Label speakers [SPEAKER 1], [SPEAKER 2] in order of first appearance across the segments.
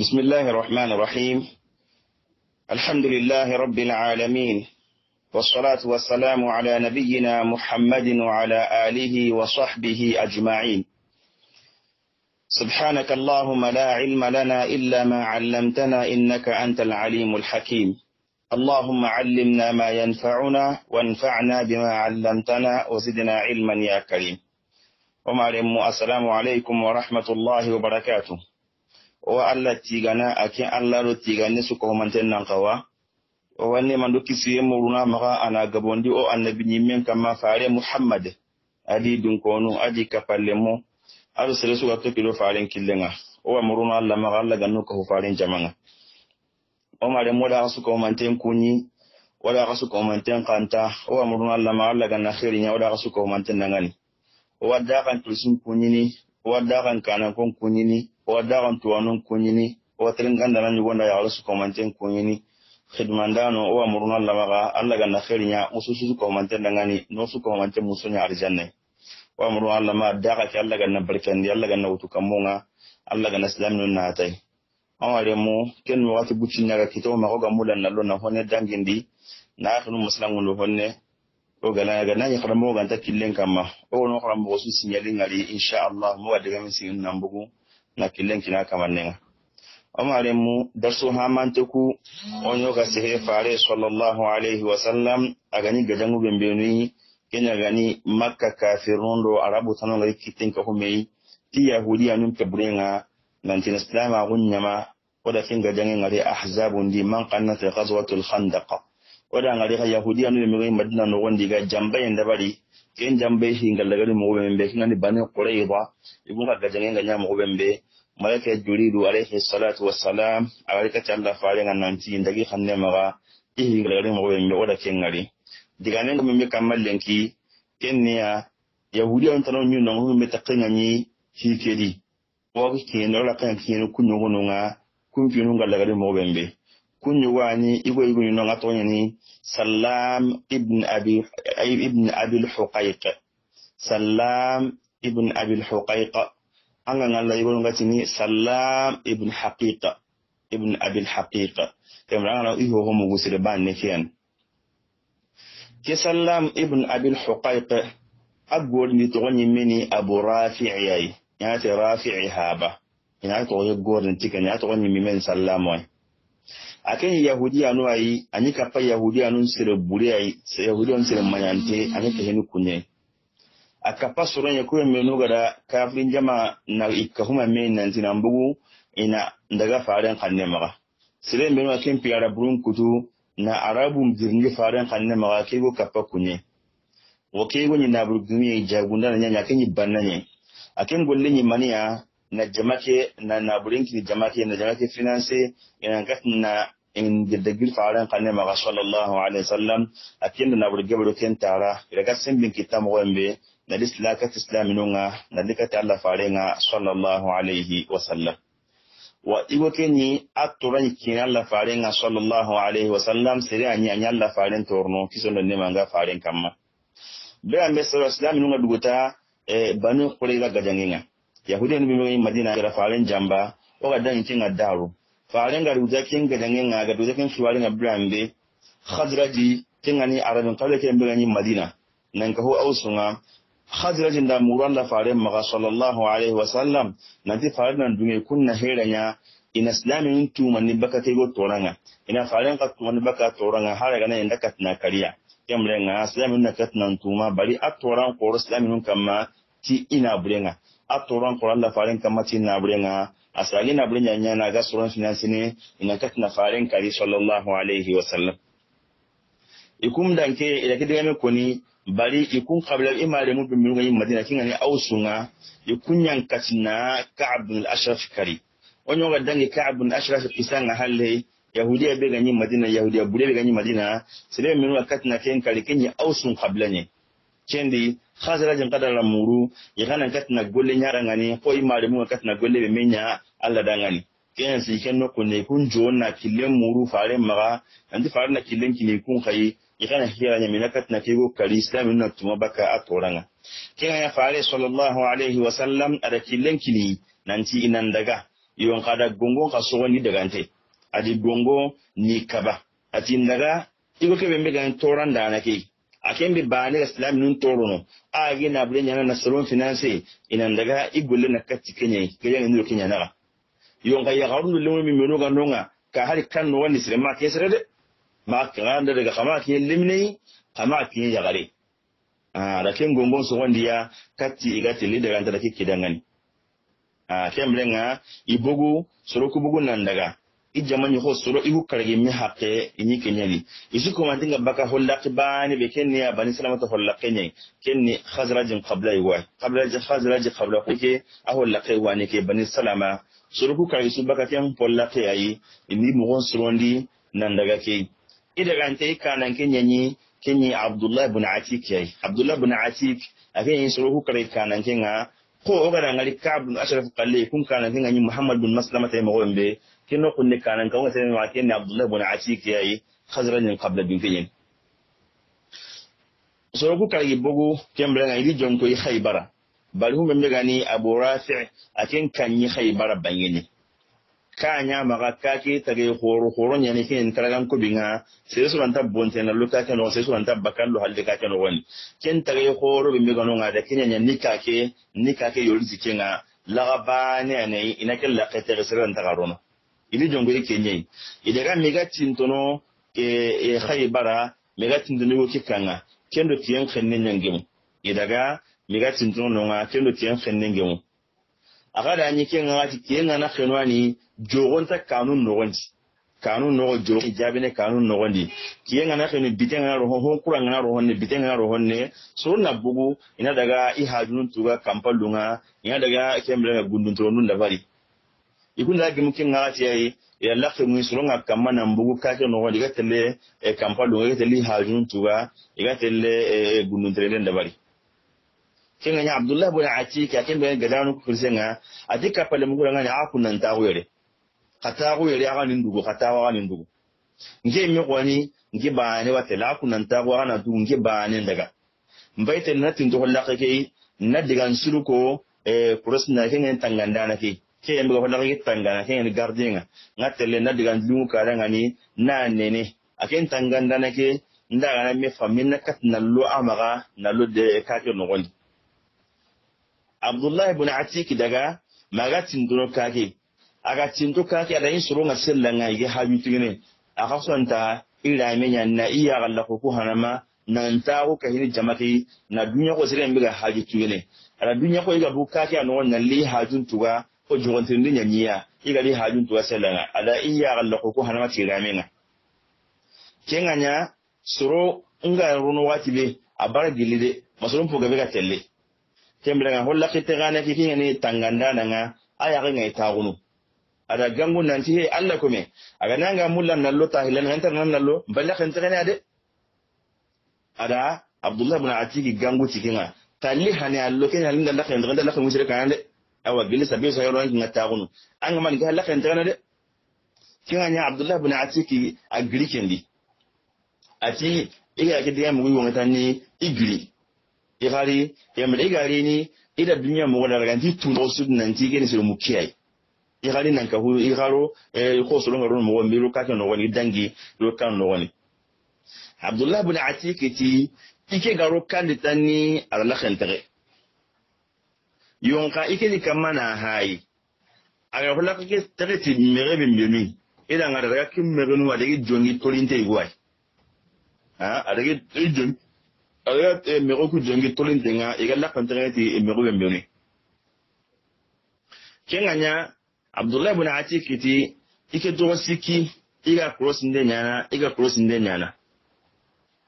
[SPEAKER 1] بسم الله الرحمن الرحيم الحمد لله رب العالمين والصلاة والسلام على نبينا محمد وعلى آله وصحبه أجمعين سبحانك اللهم لا علم لنا إلا ما علمتنا إنك أنت العليم الحكيم اللهم علمنا ما ينفعنا وانفعنا بما علمتنا وزدنا علما يا كريم ومعلم السلام عليكم ورحمة الله وبركاته o allah tigana akin allah ro tigani nan kawa o wanne man su yemu runa maka ana gabondi o annabi ñimmen kama fare muhammad adi dunkonu adi palle mo aɗo sere wato kilo faren killenga o wa muruna allah maga allah ganno ko faren jamanga o mare moɗa aka sukohomanten kuñi oɗa aka sukohomanten kanta o wa muruna allah ma allah ganna heriña oɗa aka sukohomanten nangani o wadda kan tulsin kuñini o wadda kan kanan kon kuñini o dagan tuwanun kunyini o tirin gandana nyugonda ya alusu komanten kunyini khidmandano o amuruna lamaga alla ganna khirinya mususu komante dangani nosu komanten musunya arjanne o amuruna lama daga ki alla ganna barikandi alla ganna utukamunga alla ganna islaminu natai aware mu ken wakati bucinyaga kito mago gamulan nalo na hone dangindi na akhinu muslangun honne o galaga na yakhramu ganta killen kama o no khramu su sinyalin ali insha Allah mu wadega min sin nambugu na killen kina kamannin umarin mu darsu hamanteku onyo ga sai fare sallallahu alaihi wa wasallam a gani gajan gubin benui kenya gani makka kafirun do arabu tanon ga kitin ka kuma yi ti yahudiya nun kabrin nan tin islama gunya ma wada ga dangin ngare ahzabun di man fi ghazwatul khandaq wada ngari ga yahudiya nun mi ga madina no wondi ga jambayin bari. ken jambe shi ngal daga ni mogo shi ngani bani qurayda ibun ka gajange nga nya mogo bembe malaika juridu alayhi salatu wassalam alayka tanda fare faare nanti ndagi khanne ma ga ihi ngal daga ni mogo bembe oda ken ngali diga ne ngam be kamal lenki ken niya yahudi on tanon nyu nangu takka ngani shi kedi wa no la kan kenu kunyo kununga kumpi ngal daga ni mogo bembe كنيواني يقول إيغو نغطوني سلام ابن أبي ابن أبي الحقيقة سلام ابن أبي الحقيقة أنا نقول يقول نغطيني سلام ابن حقيقة ابن أبي الحقيقة كم رأنا إيه هم وسربان نكيان كي كسلام ابن أبي الحقيقة أقول نتغني مني أبو رافع ياي يعني رافع هابا يعني أتغني قول نتيكا يعني تغني من سلام وين akan yahudiya no ayi anyi kapa yahudiya no nsere buri ayi se yahudiya nsere manyante anyi kahini kunye a akapa soron ya kuwe menu gada kafirin jama na ikahuma me na ntina mbugu ina ndaga faren kanne maga sire menu akin piyara burun kutu na arabu mdirngi faren kanne maka maga kego kapa kunye ke wakego nyi naburu gumi jagunda na nyanya akin yi banna a akin golle ni maniya na jamake na na burinki jamake na jamake finance ina na in girdagir faran kanne maga sallallahu alaihi wasallam akinda na burge buruken tara daga simbin kitam wembe na dislaka islaminunga na dikati Allah farenga sallallahu alaihi wasallam wa igo kenyi aturan kin Allah farenga sallallahu alaihi wasallam sire anyi anyi Allah faren torno kisondo ne manga faren kamma be ambe sallallahu alaihi wasallam nunga duguta e banu ga gajanginga yahudiya ni bimbinga madina gara faren jamba o ga dan kinga daro faren ga ruja ga dan nga ga ruja kin shuwari na brambe khadraji kinga ni arabin kawle kin bimbinga ni madina nan ka ho ausunga khadraji da muran da faren maga sallallahu alaihi wasallam nan ti faren nan dunge kunna heranya ina silami tu tuma ni baka te go toranga ina faren ka tuma ni baka toranga har ga nan da na kariya kemre nga silami na katna tuma bari atoran ko silami nun kama ti ina burenga a toron koran la farin kamati na a asagi na na gasuran su nan sine ina kat na farin kari sallallahu alaihi wa sallam ikum danke ila kidame koni bari ikun qabla imare mu bimu ngi madina kinga ni ausunga ikun yankatina ka'ab bin ashraf kari onyo ga dangi ka'ab bin al-ashraf kisanga halle yahudiya be ganyi madina yahudiya bure be ganyi madina min minu na ken kari ya ausun kabila ne kendi khasirajin kadara muru yakanan katina golle ñaɗangani fo i maremuga katina golle ɓe me ña allah dangani kenan si ken no kunne kun na killen muru faren maga anti faren na killen kini kun kai ikana hira nya minaka na kego kali islam na tuma baka atoranga kenan ya fare sallallahu alaihi wasallam ada killen kini nanti inan daga yon kada gongo ka so ni daga ante adi gongo ni kaba ati ndaga igo be mbega toran da na ke A bi bane baale islam nun torono age na bule nyana na salon finance inandaga igulle na kati kenya kenya ndio kenya na yonga ya garu lemu mi meno ga nonga ka hari kan no wani sirma ke sirade ma kanda daga kama ke limne kama ke ya gare a ah, da ken gombon su wanda ya kati igati le daga da kike dangane a ah, kemlenga ibugu suruku bugu nan daga i jama soro ihu i k'u karigimi inyi kenyali isu ko komanti ka baka hollaki bani be ken ni a bani salamata hollake ɲɛ ken ni hazrajin kabila iwa hazraji kabila ko ke a hollake iwa ni ke bani salama soro k'u kai su baka ken hollake ayi ni soro ndi nan daga ke ida daga nte i kanan ke ɲɛɲi ke ɲi abdullahi atik ayi abdullah ibn atik a ke ɲi sɔrɔ k'u kai kana ke ko o ka dangari ka bin kun kana ke ni muhammad bin maslamata ta mɔgɔ kino kunni kanan kan wasa ne wake ne abdullahi bin asik yayi khazrajin qabla fiyin soro ku kay bogo kembra ngai li jonko yi khaybara bari hu membe gani abu rafi' kin kan yi khaybara bangene kanya maga kake tare horo horo ne kin taragan ko binga sai su ranta bonte na luka kan no sai su ranta bakallo halde ka kan wani kin tare horo bimbe gano ngada kinya nika kake ni kake yori zikenga lagabane ne ina kin laqata ta garona ili jongo yake nyai idaga mega tintono e e bara mega tintono wo kikanga kendo tiyan khenne nyangemu idaga mega tintono nonga kendo tiyan khenne ngemu akada anyi kenga ngati kenga na khenwani jogonta kanun nogondi kanun nogo jogo jabine kanun nogondi kenga na khenu bitenga roho hon kuranga na roho ne bitenga roho ne so na bugu ina daga i tuga kampalunga ina daga kembe gunduntoro nun da bari ikunda gimu kin ngati yayi ya lakhi mu suronga kamana mbugu kake no wadi tele e tele ha jun tuwa gatele e, e, gununtrele bari kin ganya abdullah bin atik yakin be gadanu kursenga atika pale mugura ngani akunan tawere katago yere ka ta wa aga nindugo nge mi kwani nge baane watela nan ta aga na du nge ne daga mbaite tin to lakhi ke na diga suruko e kin kinga tangandana ke ke mbe ko ndaki tangana ke ni gardinga ngatele na diga ndungu kala ni na nene aken tanganda na ke ndaga na me famin na kat na lo amaga na lo de ka ke no gondi abdullah ibn atik daga magatin duno kake aga tinto kake ada yin suru nga sellanga ige habi tigene aka sonta ira menya na iya galla ko hanama nan ta ko kahini jamaki na dunya ko sire mbiga haji tuyene ala dunya ko iga buka ke na li hajun tuga fo jogontindi ɲaniya i gadi hajun tuwa selanga ada i yaxallako ko hanama tigamenga ke ga ɲa soro nga rono wati be a bara gilli de masolon pogabe ga telle kembiranga holla kittegane kiki tanganda tangandananga a yaxi ga i taxunu ada gangu nanti he allah kome aga nanga mulla nallo tahilan hentar nan nallo balle hentarene ade ada abdullah ibn atiki gangu tikinga talli hane allo kenya linda lakhe ndanda lakhe musire kanande awa gili sabi so yoro ngi ta gunu an man ga halaka kan na de kin anya abdullah ibn atiki a greekin di ati iga ke diya mu wonga tani igri igari ya mu igari ni ida dunya mu wala ga tun do osu nan ti gene so mu kiyai gari nan ka hu garo e ko so ngaro mu wambi ro ka ke no wani dangi ro kan no wani abdullah ibn atiki ti ike garo kan tani ala khantare yonka ikeli kama na hayi aga hola ke tere ti mere bi bimi ila e ngara daga kim mere nu wadegi jongi tolinte igwai ha adegi e tijin aga te mere ku jongi tolinte nga ika e la kantere ti mere bin bimi kenganya abdullahi ibn atikiti ike dogo siki ila cross nde nyana ika cross nde nyana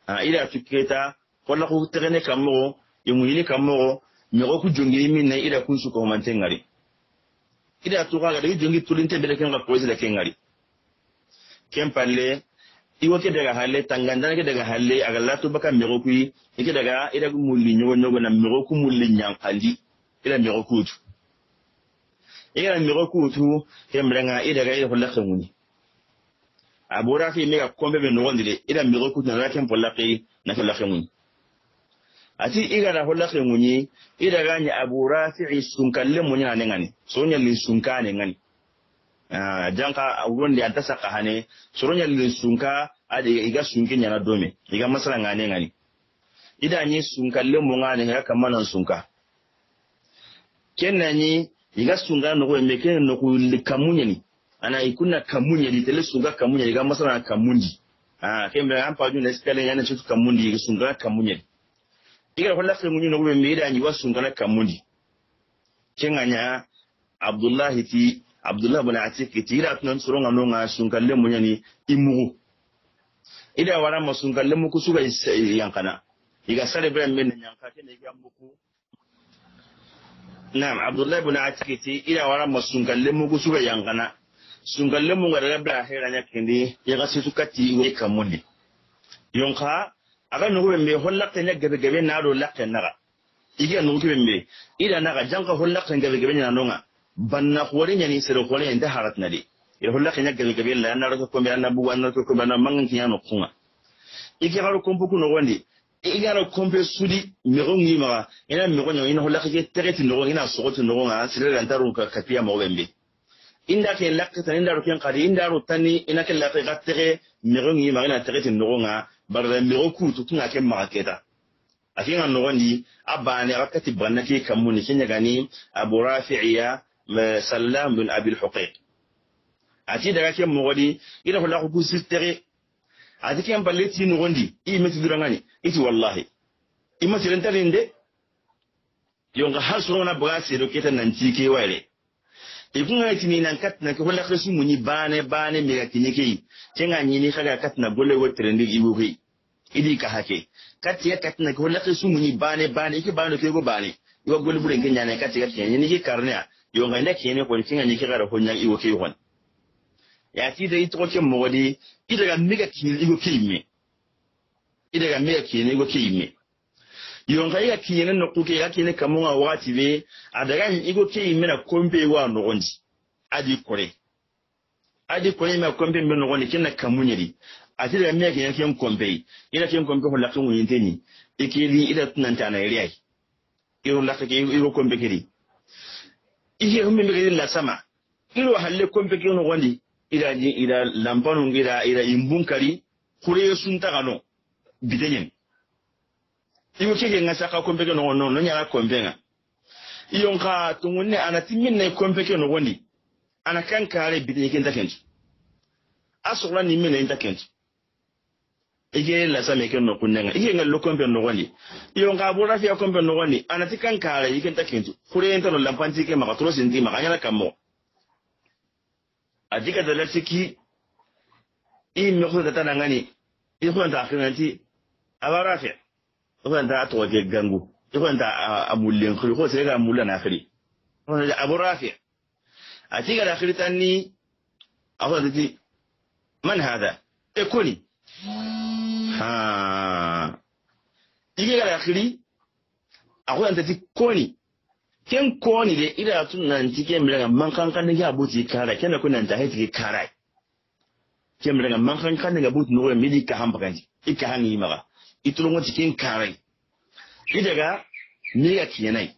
[SPEAKER 1] ha ila tuketa kola ku tere ne kamogo yumuyini kamogo mego ku jongini min na ida kun ko humante ngari ida to ga da jongi tulin bele ken ga koise da ken ngari ken palle iwo ke daga halle tanganda ke daga halle aga latu baka ko ku ke daga ida ku mulli nyogo nyogo na ko ku mulli kali ida mego ku tu ida mego ku tu ken brenga ida ga ida holla abura fi mi ga kombe be no ndire ida ko ku na raken polla ke na holla kanguni ati igana hollake ŋuñi idagañi abu rafii sunkalle muñi hane ŋani soñallin sunkane ŋani ah, janka wuronde anta saka hane soroñallin sunka ade iga sunki ñana dome iga masala ŋane ŋani idañi sunkalle mu ŋane iga kammanan sunka ni iga sunka nogoye me kene noku ni ana ikuna ikunna ni tele sunka kamuñani iga masala na kamundi ah, kembe an pajun espele ñana cutu kamundi sunka kamuñani igara holla fe muñu nogoɓe meeɗani wa sungana kammundi kegaña abdoullahi ti abdullah bone atiki ti ira tunan soronga nonga sunkalle muñani i mugu ida warama sunkalle muku suga yankana iga sare bira mene yanka kene iga muku na'am abdullah bone atiki ti wara warama sunkalle muku kusuga yankana sunkalle muga daga bira heranya kendi yaga sisu kati iwe kamuni. yonka aga nugu be mbe hollakte ne gebe gebe na do lakte naga igi nugu be mbe ida naga janka hollakte gebe gebe na nonga banna khore nyani sero khore inda harat nadi ir hollakte ne gebe gebe la na ro ko mbe na buwa na ko mbe na mangin kinya no kunga igi haro kompu kuno gondi igi haro kompe sudi mego ngi ma ina mego nyo ina hollakte ke tereti no ina sogoti no nga sire la ntaru ka kapia mo be mbe inda ke lakta tan inda ro ken qadi inda ro tani ina ke lakte gatte mego ngi ma ina tereti no nga barda miro kutu kun ake makaketa akin an nogoni abani akati bannake kamuni kenya gani abu rafi'iya sallam bin abi al-huqayq ati daga ken mogodi ida ko lako kusistere ati ken balle ti ni i meti durangani iti wallahi i masiren talinde yonga har surona baga sero keta nan ti ke waire ikunga tini nan katna ko la khasu muni bane bane mi ga tini kei tenga nyini khaga katna gole wo trendi ibu kei idi ka hake katiya katna ko la khasu muni bane bane ki bane ko bane yo gole buren kenya ne katiya kenya ne ki karnya yo ga nda kene ko tinga nyiki gara ko nyang ibu kei hon ya ti da ito ke modi ida ga mi ga tini ibu kei ita ida ga mi ga kene ibu kei yonka i ka kiɲɛnɛ nɔku kɛ i ka kiɲɛnɛ kamu ka wagati be a daga ɲi i ko ke imena mena konpe wa nɔgɔndi adi kore adi kore ima mena mbe be nɔgɔndi kena kamu ɲɛdi a ti kiyom mina ila kiyom kompe. i lakungu yinteni konpe ho laki ŋuɲinte ni i keli i da tunanta na iriya i ro laki i ro konpe kedi i ke hun be kedi lasama i ro halle konpe ke nɔgɔndi ida ida lampanu ida kure sunta kano bitenyen imu kege nga saka kompe ke nogo nono nyara kompe nga iyo nka tungunne ana timin na kompe ke nogo ana kan kare bidin ke ndakentu asukla ni mina ndakentu ige la same ke nogo nga ige nga lo kompe nogo ni iyo nka bora fi kompe nogo ni ana ti kan kare ike ndakentu kure enta no lampanti ke maka tro sinti maka nyara kamo adika dalati ki i mekhuda tana ngani i khonta akhinanti abarafi ibanda atwa ke gangu ibanda amulin khiri ko sai ga mulan akhiri wannan da abu rafi a ci ga akhiri tanni abu da man hada e kuni ha ci ga akhiri akwai da ti koni ken koni da ira tun nan cikin mira man kan kan ya buci kara kenan kunan ta haiti kara kenan man kan kan ga buci no mi ka hamba kan ikka hangi maga itulungo cikin karai idaga ni ga tiye nai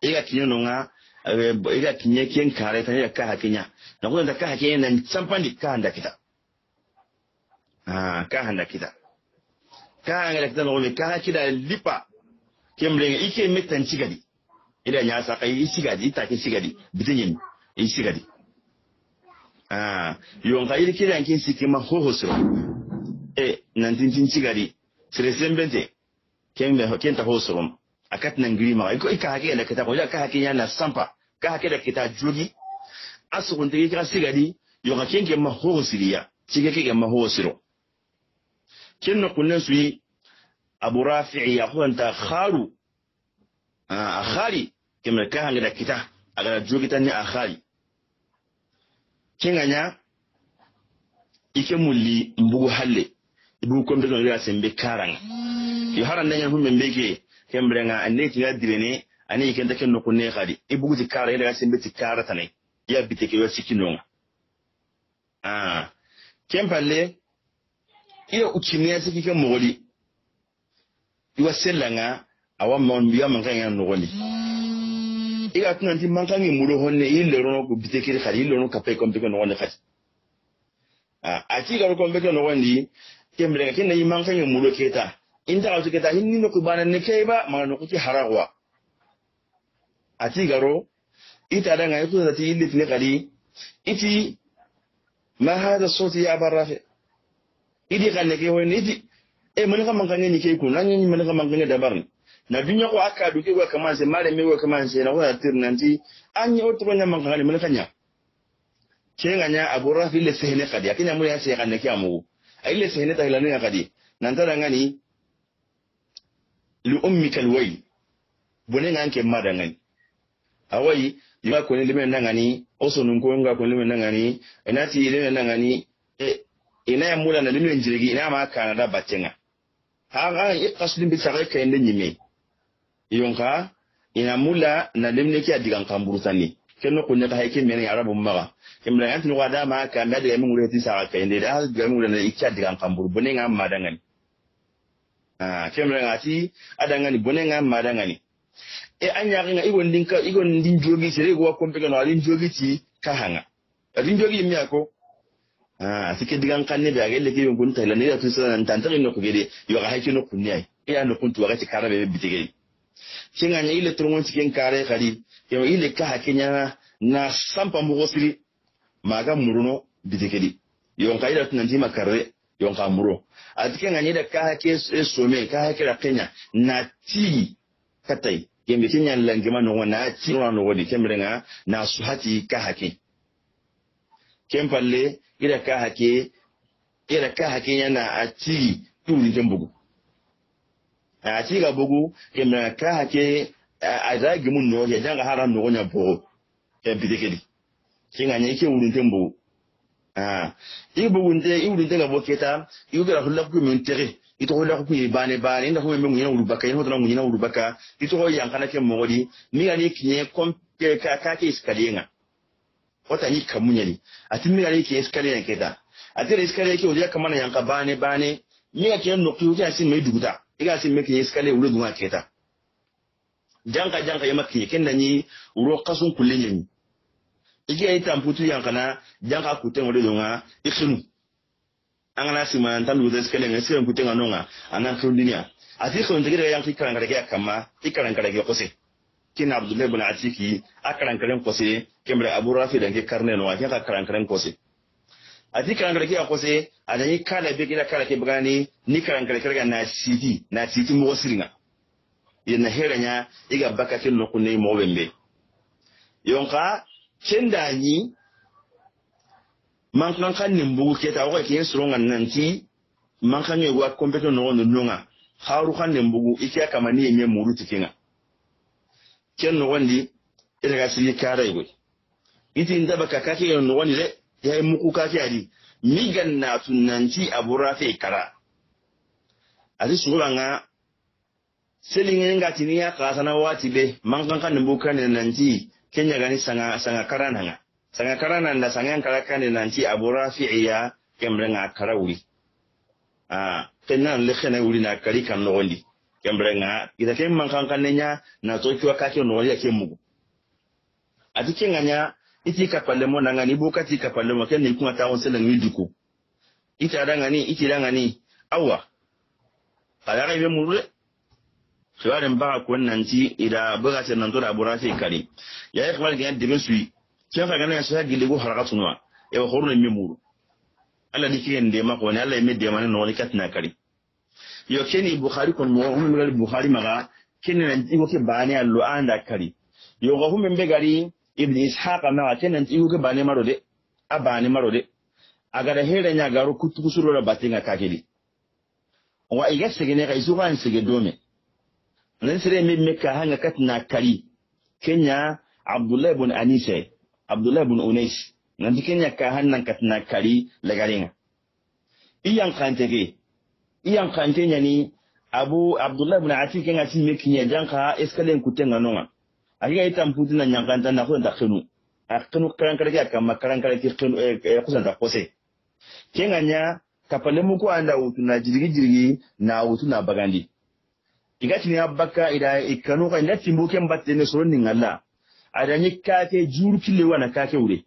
[SPEAKER 1] iga tiye nonga eh, iga tiye kien karai tani ga kaha kenya na kuna kaha kenya na pandi kaha nda kita ah kaha nda kita kaha nda kita nonga kaha kida lipa kemlenga ike mitan cigadi ida nya saka yi cigadi ita ke cigadi bitinyin yi cigadi ah yonka iri kiran kin sikima hoho so e eh, tintin cigari sire sembente kembe kenta hosorom akat nan grima iko ika hake da kita koja ka hake yana sampa ka hake da kita jogi asugun tege ka sigadi yoga kenge ma hosiriya cige ke ma hosiro kinna su yi abu rafi'i ya kuwanta kharu a khari kembe ka hange da kita agara jogi tanni a khari ganya ike mulli mbugu halle Hmm. ibu kom to ngira sembe karang yo haran nan hum membe ke kembrenga anne ti gadirene ani ken ta ken no kunne khadi ibu ti kara ida sembe ti kara tane ya biteke yo sikinonga ah kempalle iyo ukimya siki ke mogoli iwa sellanga awa mon biya man kan yan nogoli hmm. iga tuna ti man kan mulo honne ile rono ko bitekere khadi ile rono kapay kombe ko nogoli khadi ah ati ga ko kombe ko nogoli kemlega ken nayi mankañe mulo keta intaxatu keta hinni noku bananne keyba maga nokuti haraxwa ati garo itadanga ikutatati illitine xadi iti ma hada soti ya aba rafe idi xanne eh, ke hoyne iti e mani xa mankange ni key kun añañi mani xa mankange dabarni na duña xo a kadu ke goa commencé mare me goa commencé na xona tir nanti añi o toroña mankangani mani xa ña kengaña abo rafe ille sehene xadi a keñamune a seexanne ke a mugu a sai ne ta tahilanu ya kadi nan ta nantara ngani li ummika alway bone nganke mada ngani awai yuma kone nan gani oso nun ko nga kone ina ti limen nan gani e ina ya mula na limen jirgi ina ma kana da bacenga ha ga haga iqaslin bi kai ne nyime yonka ina mula na limne ki adigan sani kenno kunya ta hayke men rabu maga kemra yant no wada ma ka na de mun wureti sa ka inde da hal gamu da ikka diga kambur bone ngam madangan ah kemra ngati adangan bone ngam madangan e anya ga igon dinka igon din jogi sere go kompe ga no din jogi ti kahanga din jogi mi ako ah siket diga kanne da ga yon gon ta ne da nan sanan tantan no ko gede yo ga hayke no kunya ai ya e, no kuntu ga ti karabe bitige kinga ile kare kali yau ile ka hakenya na sampa mugosili maga muruno bitekedi yonka ida tunanjima karre yonka muro atike da ka hake some ka hake la kenya na ti katai kembe kenya langema no na ti no no wodi kembe nga na suhati ka hake kempalle ida ka hake ida ka hake yana ati tuli kembugu ati ga bugu kembe ka hake aza gimun no ya janga haram no nya bo e bidekedi kinga nya ke wurun tembo ah ibu wunde ibu wunde bo keta ibu ga hulla ku min tere ito hulla ku yi bane bane inda kuma mun yana urubaka yana hotan mun yana urubaka ito ho yankana ke mogodi mi ga ne kinye kom ke ka ka ke iskalenga wata ni kamunya ni atin mi ga ne ke iskalenga keta atin iskalenga ke wuri kamana yanka bane bane mi ga ke nokki wuta sin mai duguta iga sin mai ke iskalenga wuri dunga keta janka janka yama kinye kenda ni uro kasun kulenye ni iki ya ita mputu yankana janka kuten wale nga ikhinu angana sima ntandu uzeskele ngesire mkuten ganonga y'a dunia ati ikhinu y'a yanku ikarankareke akama y'a kose kina abdullahi bin atiki akarankareke kose kembre abu rafi danke karne no akin akarankareke kose ati karankareke ya kose adanyi kala bekira kala kebgani ni karankareke na siti na siti nga. yena heranya iga bakati ne mo bembe yonka da ni man kan kan nimbu keta o ke nan nanti man kan yego kompeto no no nunga haru kan bugu ike kama ni me muru tikinga ken no wandi ita ga sili kara yego iti ndaba kakake no wandi le ya muku kake ali migan na tunanti aburafe kara ati suganga selingini nga ni ya kasana wati be mankan kan bukan nanti kenya gani sanga sanga karana nga sanga karana nda sanga kala ya, ah, kan nanti abura fi iya kemre nga ah a tenna le khana na kari kan no gondi kemre nga ida kem mankan kan na toki wa kake ke no ya ke mugu atike nganya iti ka palle mo na ngani buka ti ka palle mo ken ni kuma ta won ngani iti da ngani awa kala ga be suwarin ba ko ci ida buga se nan zuwa bura se kare ya yi kamar ganyan dibin suyi kin fa ganin sai gili go haraka sunwa e ba ne mi muru Allah ni kiyen de mako ne Allah ya de man ne likat na kare yo keni bukhari kun mu hum ngal bukhari maga keni nan igo ke bani allo da kare yo go hum be gari ibn ishaq na wa keni nan igo ke bani maro de a bani maro de aga da hele nya garo kutu kusuro da batinga kakeli wa iga ne ga izuwa en sege dome nisire min meka hanga katina kari kenya abdullahi bin anise abdullahi bin unais nan kenya ka hannan katina kari lagaringa iyan kantege iyan kante nyani abu abdullahi bin ati kenga sin meki eh, eh, nya janka eskalen kutenga nonga akiga itam putina nyankanta na ko dakhinu akinu karankara makaran akama karankara ki kusanta kose kenganya nya ko muku anda wutu na jirigi jirigi na wutu na bagandi igatini abbaka ida ikkanu ka ina timbo ken battene soronnin Allah adani kake jurkile wana kake ure.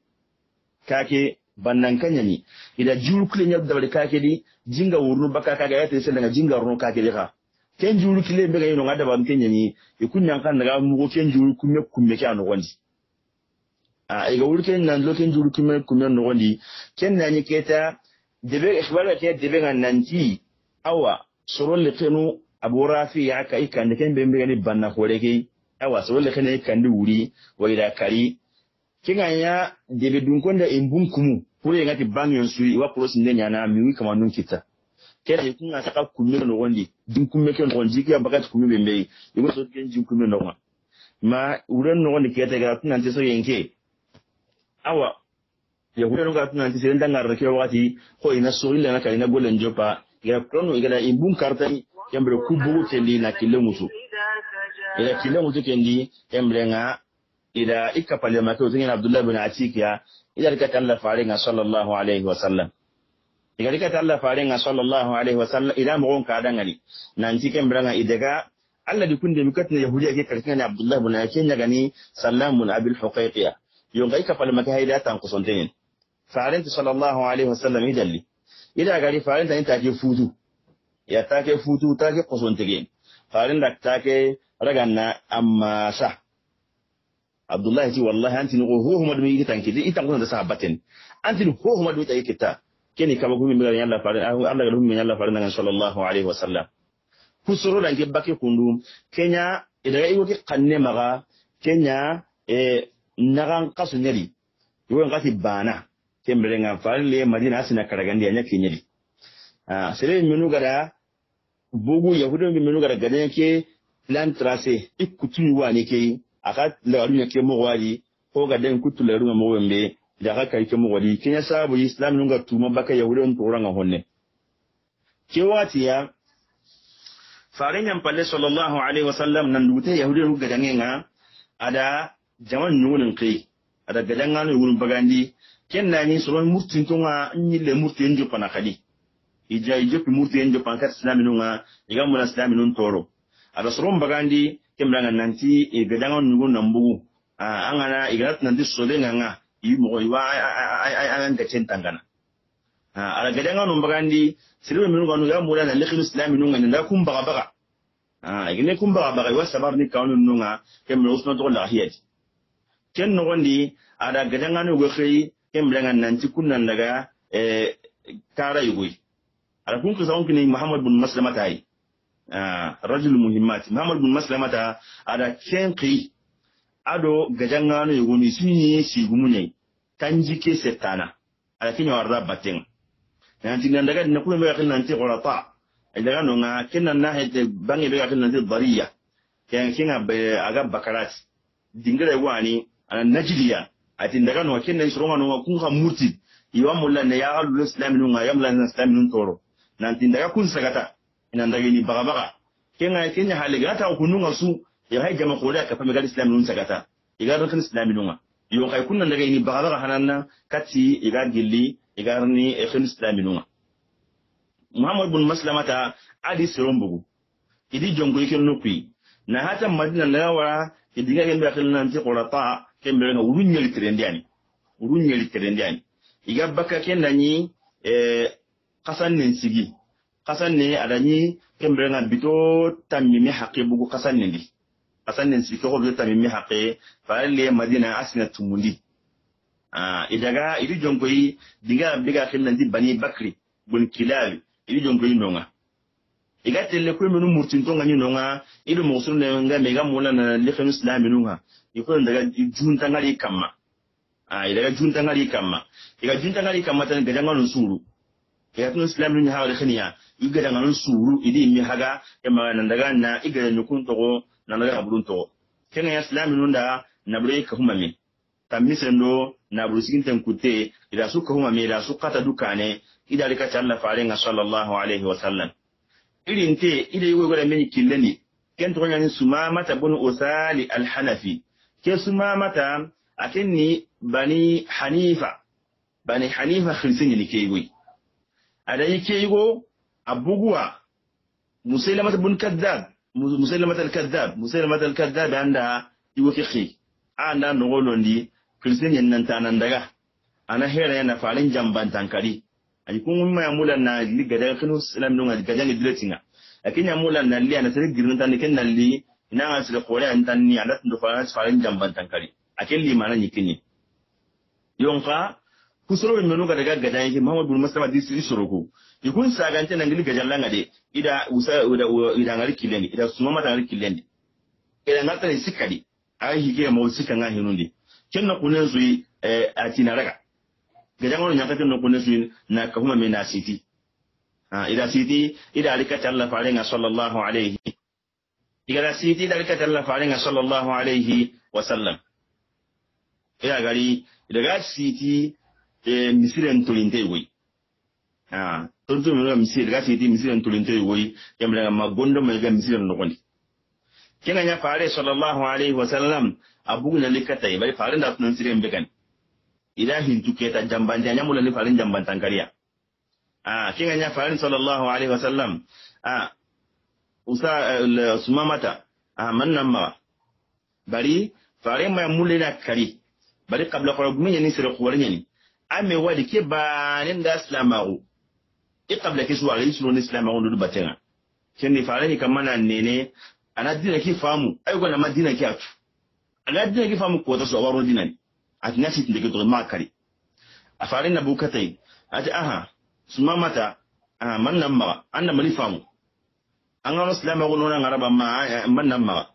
[SPEAKER 1] kake bannan ni. ida jurkile nyab dabare kake di jinga wurnu baka kake ya sai daga jinga wurnu kake di ka ken jurkile mbega yino ngada ban kenyani ikunyan kan daga mugo ken jurkume kumme ke anu wandi a ah, iga wurke nan lo ken jurkume kumme no wandi ken nani keta debe ikhbara ke debe nan nanti awa soron le tenu abu rafi ya ka ikan da kin bembe ni banna ko reke awa so le kana kan di wuri wai da kari kin ya de be dun da in bum kumu ko ya ngati bang yon suri wa pros ne nyana mi wi kama nun kita kera yi kun asaka ne no wondi dun me ke no wondi ki abaka kumme bembe yi so ken jin kunne no ma ma uran no wondi ta ga kun anti so yenke awa ya hudu ga kun anti sai dan ngarra ke wati ko ina so illa na kai na golen jopa ya krono igala in bum kartani yambre kubugu tendi na kilengusu ila kilengusu kendi yambre nga ila ikapale make utengi na abdullah bin atikiya ila rikata allah fare nga sallallahu alaihi wasallam ila rikata allah fare nga sallallahu alaihi wasallam ila mogon ka dangani nanti kembre nga idega allah di kunde mi katina yahudiya ke karkin ni abdullah bin atikiya gani sallamun abil huqaiqiya yonga pale make hayda tan kusontenin farenti sallallahu alaihi wasallam idalli ila gari farenta ta ke futu. ya take futu take kosontige farin da take raganna amma sa abdullahi ji wallahi anti no ho ho madu yi tanki di itan da sahabatin anti no ho ho madu tayi kita keni kama gumi mi Allah farin Allah ga mi Allah farin nan sallallahu alaihi wasallam kusuru dan ke kundum. kundu kenya idan iwo ke kanne maga kenya e nagan kasu nyali ngati bana kembere ngan farin le madina asina karagandi anya kenyali Ah, sere minu gara bugu yahudu minu gara gane ke plan tracé ikutu wa ne ke aka lawaru ne ke wali ko ga den kutu lawaru ne mawambe da aka kai ke mawali kenya sabu islam nunga tuma baka yahudu on toran honne ke wati ya farin yan palle sallallahu alaihi wasallam nan dute yahudu ga dange nga ada jaman nunin kai ada gadan ngano yulun bagandi kenna ni solon murtin tunga nyi le murtin jupana kadi ija ijopi murtu yen jopa kat silaminu nga iga mula silaminun toro ada soron bagandi kemranga nanti e gadanga nugo nambugu angana igarat nanti sole nga nga i mogo iwa ayan ga tangana ala gadanga num bagandi silamu minu nga nuga mula na lekhinu silaminu nga nda kum baga baga igine kum baga baga iwa sabar ni kawnu nunga kemra usman to la hiyati ken nogondi ada gedangan nugo khiri kemranga nanti kunnan daga e, kara yugui ala kun kusa onkini muhammad bin maslamata yi ah, rajul muhimmati muhammad bin maslamata ada kenki ado gajangano yugumi ne sigumunye jike setana ala kinya warda batin nanti nandaga na kuma ga nanti qurata idaga no nga kinna na hede bangi be ga nanti dariya kan kinga be aga bakarat dingare wani ana najiliya ati ndaga no shi roma no kun ha murti iwa mulla ne ya alul islam no mulla yamla islam no toro nanti ndaga kun sagata ina ndaga ni bagabaga kenga kenya haligata kununga su ya hay jama ko da kafa megal islam nun sagata iga do kan islam nunga yo kai kunna ndaga ni bagabaga hananna kati iga gilli iga ni e eh, kan islam nunga muhammad bin maslamata adi sirombugu idi jongo yake nokwi na hata madina na wara idiga kembe akhil nanti qurata kembe na urunyeli trendiani urunyeli trendiani iga bakka kenani eh kasan nin sigi kasan ne dani kembre na bito tamimi haƙe bugu kasan ne li kasan nin sigi ko bito tamimi haqe le, madina asina tumundi a ah, idaga idi jongoyi diga biga kinnan di bani bakri bun kilal idi jongoyi nonga iga tele ko minu murtinto ni nonga idi musu ne nga mega mona na lefen islam nunga iko ndaga junta ngari kama ah idaga junta ngari kama iga junta ngari kama tan gajangalun suru tun islam ni hawa khaniya igada ngan suru idi mi haga ma nan daga na igada nyukun togo nan daga abulun togo kenga islam nda da bure ka huma mi tamisen do bure sikin tan kutte ida su ka huma mi ida su kata dukane ida rika ta Allah fare nga sallallahu alaihi wa sallam irin te ida yugo gore men kilani ken to nyani suma mata bunu usali al-hanafi ke suma mata akenni bani hanifa bani hanifa khirsin ni ke yi Ada yake adayikeigo abugwa musailamat bun kadab musailamat musaila musailamat alkadab anda igo kiki anda nogolondi kristiyan nan tanan daga ana hera yana farin jamban tankari ay kun ya mula na li gada kinu islam dunga gada ni diretinga akin ya mula na li ana sare girin tan kin na li ina ga sare kore an tan ni ala tun farin farin jamban tankari akin li mana yonka kusuro min ga daga gadan yake muhammad bin mustafa disi isoroku ikun sagante nan gili gajan langa de ida usa ida ida ngali kilende ida sumama ta ngali kilende ida ngata ni sikadi ai hige mo sika nga hinundi na kunen zui eh atina raga gajan wono nyaka kenna kunen zui na kahuma me na siti ha ida siti ida alikata allah farenga sallallahu alaihi igara siti ida alikata allah farenga sallallahu alaihi wasallam ida gari daga siti e misiri ntolinte woyi ah tonto mi ka misiri ka sigi misiri ntolinte woyi yamla ma gondo ma ga misiri nogoni kina nya fare sallallahu alaihi wasallam abugu na likata e bari fare da tunan sire mbekan ila hintu ta jambante nya mula ni fare jambantan kariya ah kina nya fare sallallahu alaihi wasallam ah usa eh, sumamata ah mannan ma bari fare ma mula kari bari kabla ko gumi ni sire ko wala ame wali ke banen da silamaru i kabila ke suwa gari suno ni silamaru nudu batenga kendi fara ni kamana nene ana dina ki famu ay gona ma dina ki atu ana dina ki famu ko ta so waro dina ni ati nasi tinde ke to ma kari a fara na bukatai ati aha suma mata a man nan ma anna mali famu an ga silamaru nona ngaraba ma eh, eh, man nan ma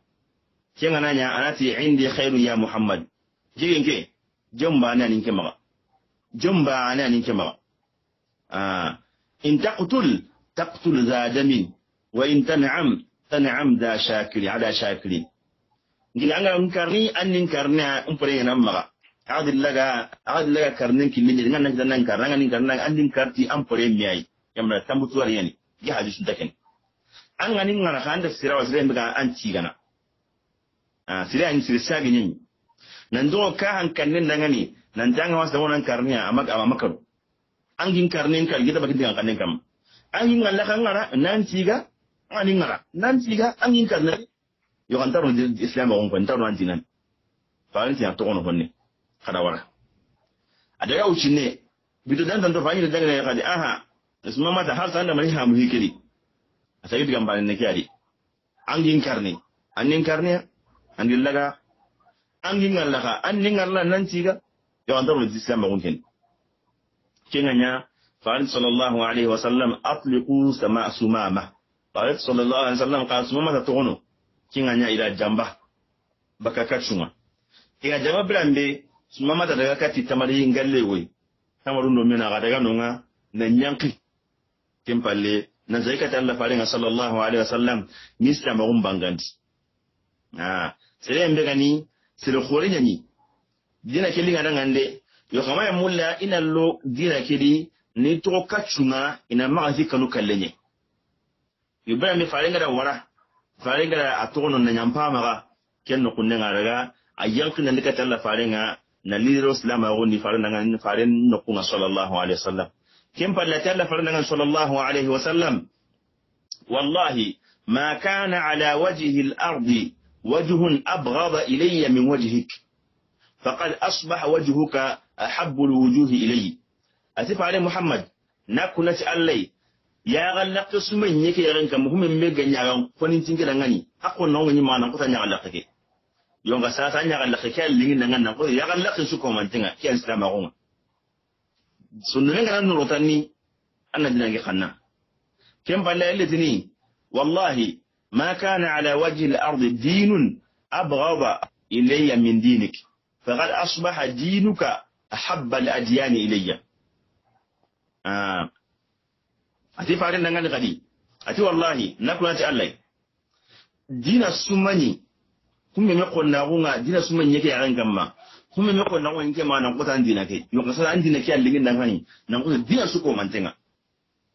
[SPEAKER 1] kenga nanya anati indi khairu ya muhammad jigen ke jamba nanin ke ma. jomba anani kema ah in taqtul taqtul za damin wa in tan'am tan'am da shakiri ada shakiri ngil anga nkarni annin karna umpare nan maga adil laga adil laga karnin kilin ngin nan nan karna ngin karna annin karti ampare miyai yamra tambutu yani ya hadisu dakin an ganin ngana kan da sirawa sirawa ga an ci gana ah sirawa ni sirawa ga nyin nan dungo ka hankannin da ngani nan janga wasu da wannan karniya a makar an gin karnin kan gida bakin dinga kanin kam an gin Allah kan ngara nan ciga an gin ngara nan ciga an gin karnin yo kan taro islam ba kon taro an jinan faran tiya to ono honne kada wara a da uci ne bidu dan dan to fani da daga ne kadi aha isma mata har san da mari ha mu hikiri a sai digan bayan ne kiyari an gin karni an gin karniya an gin laga an gi ngalla an ni ngalla nan ciga yo an daru islam ma gunken kenganya farid sallallahu alaihi wa wasallam atliqu sama sumama farid sallallahu alaihi wa wasallam ka sumama ta tono kenganya ida jamba baka kachunga ida jamba blambe sumama ta daga kati tamari ngalle woi tamaru no mena ga daga nonga na nyanki kempalle na zaikata Allah faringa sallallahu alaihi wa wasallam misla ma gumbangandi ah sai yambe ni. sere khore nyani dina keli ngana ngande yo kama ya mulla ina lo dina keli ni to kachunga ina magafi kanu kallenye yo bana mi farenga da wara farenga da atono na nyampa maga kenno kunne ngaraga ayankin nan ka talla farenga na lidero silama go ni farenga ngani faren no kunga sallallahu alaihi wasallam كم بل تلا فرنغا صلى الله عليه وسلم والله ما كان على وجه الأرض وجه أبغض إلي من وجهك فقد أصبح وجهك أحب الوجوه إلي أتفع علي محمد نكونت علي يا غلق سمين يكي يغنك مهم ميغن يغن فنين تنكي لنغني أقوى نوم يما نقطة نغلقك يوم غسالة نغلقك كي اللين لغن نقطة يغلق سكو من تنغ كي أنسلام أغوما سننين غنان نروتاني أنا دنانكي خنا كم بالله اللي تنين والله ما كان على وجه الأرض دين أبغض إلي من دينك فقد أصبح دينك أحب الأديان إلي أتي فارين نغاني غدي أتي والله نكون أتي الله دين السمني kuma me ko na gunga dina suma nyake ya rangan ma kuma me ko na gunga nke ma na ko tan dina ke yo kasa dina ke lingin dan hani na ko dina su ko mantenga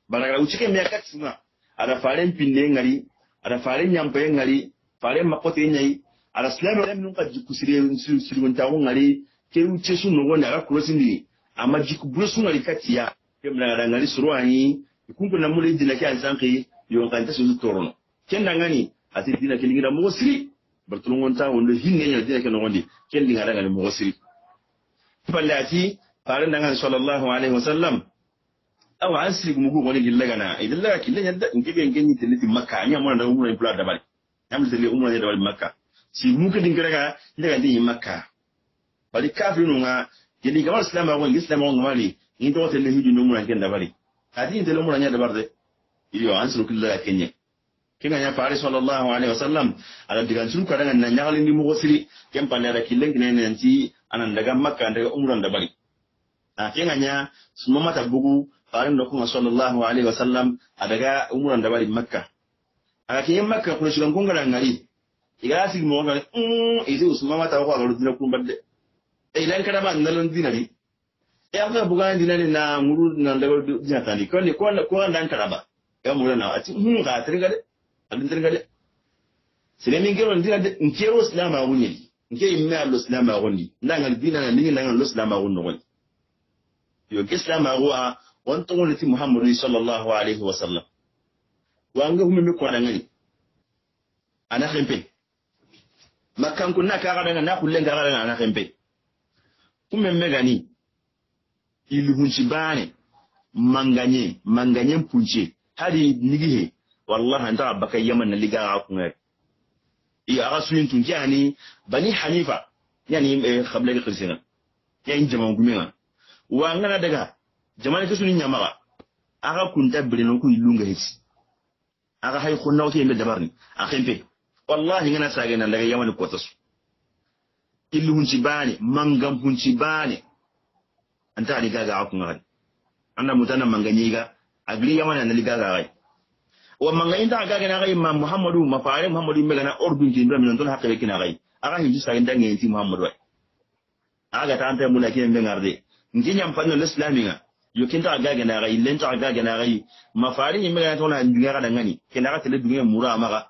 [SPEAKER 1] bana baragara ucike me kat suna ala faren pinne ngari ada fare nyampe ngali fare makote nyai ada slero dem nunka jikusire sirunta ngali ke uche su no wonda ga kurosindi ama jiku su ngali katia ke mna ngali surwani kunko na mule dina ke ansanki yon kanta su torono kenda ngani ati dina ke lingira mo siri bartulungonta ndo hinne nya dina ke no wondi ken lingira ngali mo siri palle ati fare nanga sallallahu alaihi wasallam aw asiri mugu wani gilla gana idan la kille yadda in gibe ganni tiliti makka anya mun da umra ibla da bari am zille umra ya da maka makka si muka dingiraga daga din makka bari kafiru nga jadi kamar islam ba wani islam wani mali in to tele hiji no umra ya da bari adin tele umra ya nya da bari iyo ansu killa kenye kinga ya fare sallallahu alaihi wasallam ala digan sun ka daga nan yagalin ni mugosiri kem palle da killen ne nanti anan daga makka daga umran da bari a nya sun mata bugu farin da kuma sallallahu alaihi wa sallam a daga umuran da bari makka a kake yin makka kuma shigan kun garan ngari iga asi mo mm, eh, eh, eh, ga in izi usman mata ko garu dina kun badde ilan kada ba nalan dinari ya ga bugan dinari na muru nan da garu dinar tani ko ne ko ko nan kada ba ya muru na a ci hmm ga tirga de alin tirga de sile min gero dinar de nkero islam a wuni in nke imma allo islam a wuni nan ga dinar nan ni nan allo islam a wuni yo islam a ruwa wani ti muhammadu sallallahu alaihi wa wasallam wanga humi mi ngani? ana hempe ka na kagadanga na kullen kagadanga ana hempe kumen megani ilhunci bane manganye manganye punce hadi nigihe wallahi anta abaka yaman na liga kunga iya aga suyin tun ani bani hanifa yani qabla eh, al-qisna yani jama'u gumina. wa ngana daga jamani ke suni nyamaga aga kunta birino ku ilunga hisi aga hay khonna wote yembe dabarni akhempe wallahi ngana sage nan daga yamani kotasu illu hunci bani mangam hunci bani anta ali gaga akun ngari anda mutana mangani ga agli yamani nan ali gaga gai wa manga inda gaga na gai imam muhammadu mafare muhammadu mega na ordun ki ndam non hakke kina gai aga hinji sage ndange ti muhammadu aga ta anta mulaki mbe ngarde nginya mfanyo lislaminga yokin ta gaga na gai len ta gaga na gai mafari yin ta wala dunya ga dangani kin ga tele dunya mura amaga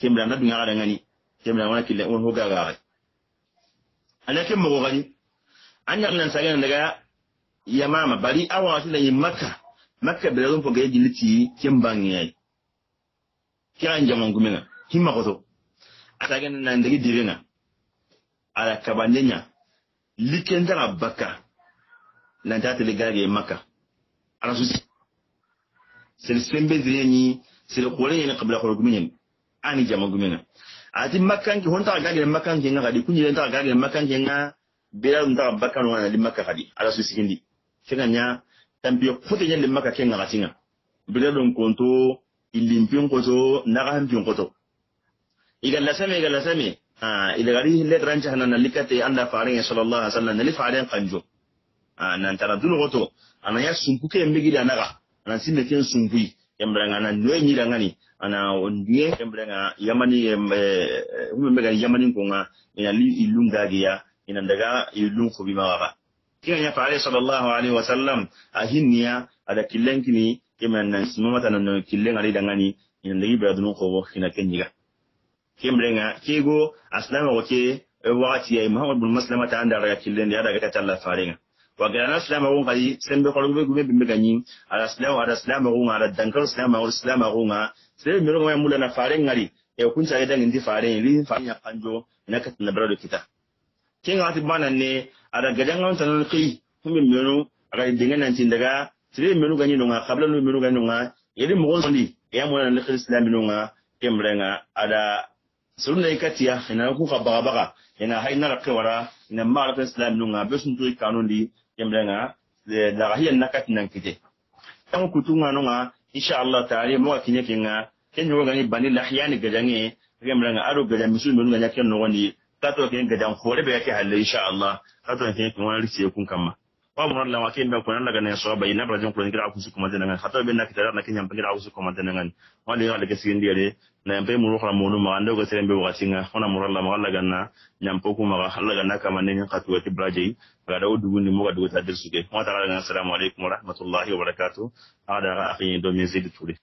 [SPEAKER 1] kemra na dunya ga kin kemra wala kille on ga gaga gai kin mu gani an yi nan sagan daga mama bari awa shi da yin makka makka da zan foga yaji litti kin ban yayi kiran jaman gumina himma ko a sagan nan daga dirina ala kabanenya likin da baka. nanta tele gage ya maka ala su sel sembe zireni sel kore ne qabla kore gumen ani jama gumen ati makkan ki honta gage ya makkan ki ngadi kunyi nta gage ya makkan ki nga bela nta bakkan wana di makka kadi ala su sikindi kenya tambiyo kote nyen di makka kenga katinga bela don konto ilimpion koto naga hampion koto iga lasame iga lasame ah iga gari le ncha hanana likate anda faringa sallallahu alaihi wasallam nali faringa kanjo nantara dunogoto anaya sunkuke yembegidi anaga anasimme ken sunkui yambranga na ndoye ni ana ondiye yambranga yamani eh, umembega yamani konga ina li giya ina daga ilun kubimawaga kiga nya faale sallallahu alaihi wasallam ahinniya ada killenkini kemen nan sumamata nan killenga ri ni ina ndagi be dunun ko ina kenyiga kembrenga kego aslama wake eh, wati ya muhammad bin maslamata anda raga killendi ada ga tatalla farenga wakilana silamago ka sembe kologube gube bimbe ganyi ala silama ala silamago nga ala dankal silamago silamago nga sebe mero ngwa mula na fare ngari e kunta ga dangin di fare ni fare ya na ka tanabra do kita kin ati bana ne ala gadan ngon tanan kai humbe mero aga dinga nan tin daga sebe mero ganyi no nga kabla no mero ganyi no nga yedi mo ngondi ya mo na lekhi silami no nga kemrenga ala suruna ikatiya ina ku ka baga ina ina ma islam nunga besun to yemlenga daga eh, hiyan nakat nan kite tan kutunga nga insha Allah taala mo kinye kinga kenyo gani bani lahyani gadange yemlenga aro gadan misu mun ganya ken no wani tato ken gajan hore be yake halle insha Allah tato ken kin wani rice kun kama pamra la wake mbe ko nanda ganen so bay nabra jom ko ngira akusu ko madena ngan khatabe na kitara na kinyam ngira akusu ko madena ngan wali ya leke sindi yale na mbe mu rokhla mo no ma ando ko serembe wasinga ona muralla ma walla ganna nyam poku ma halla ganna kama ne ngan khatu wati braje ga dawo dugundi mo ga dugo tadir suge wa ta'ala assalamu alaikum wa rahmatullahi wa barakatuh ada akhi do mezid tuli